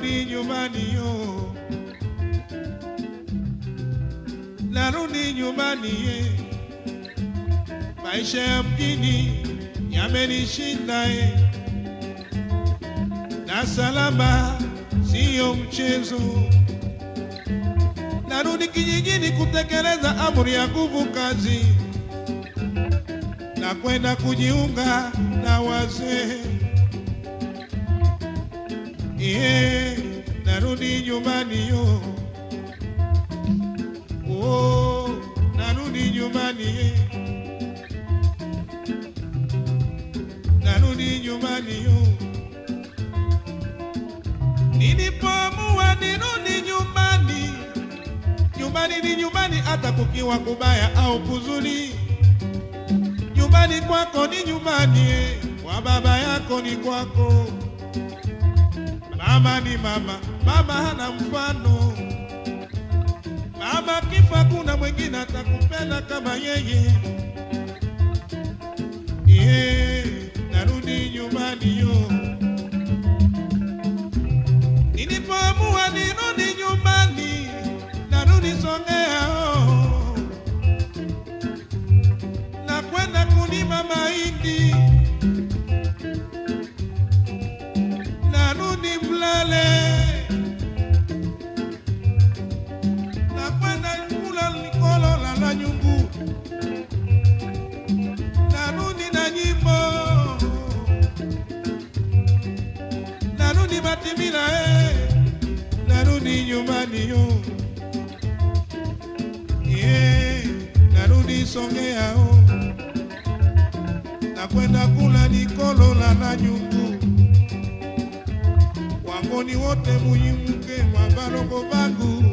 narudi nyumbani yo, narudi nyumbani ye, maisha ya mjini yamenishinda ye, na salama siyo mchezo. Narudi kijijini kutekeleza amri ya nguvu kazi na kwenda kujiunga na wazee yeah narudi nyumbani yo oh, narudi nyumbani ye narudi nyumbani yo nilipoamua nirudi nyumbani nyumbani ni nyumbani hata kukiwa kubaya au kuzuri nyumbani kwako ni nyumbani ye kwa baba yako ni kwako Mama ni mama, mama hana mfano. Mama kifa, kuna mwingine atakupenda kama yeye. Timila eh, narudi nyumbani yo yeah, narudi Songea oh. nakwenda kula likolo la na nyungu ni wote muhimu kema baloko bangu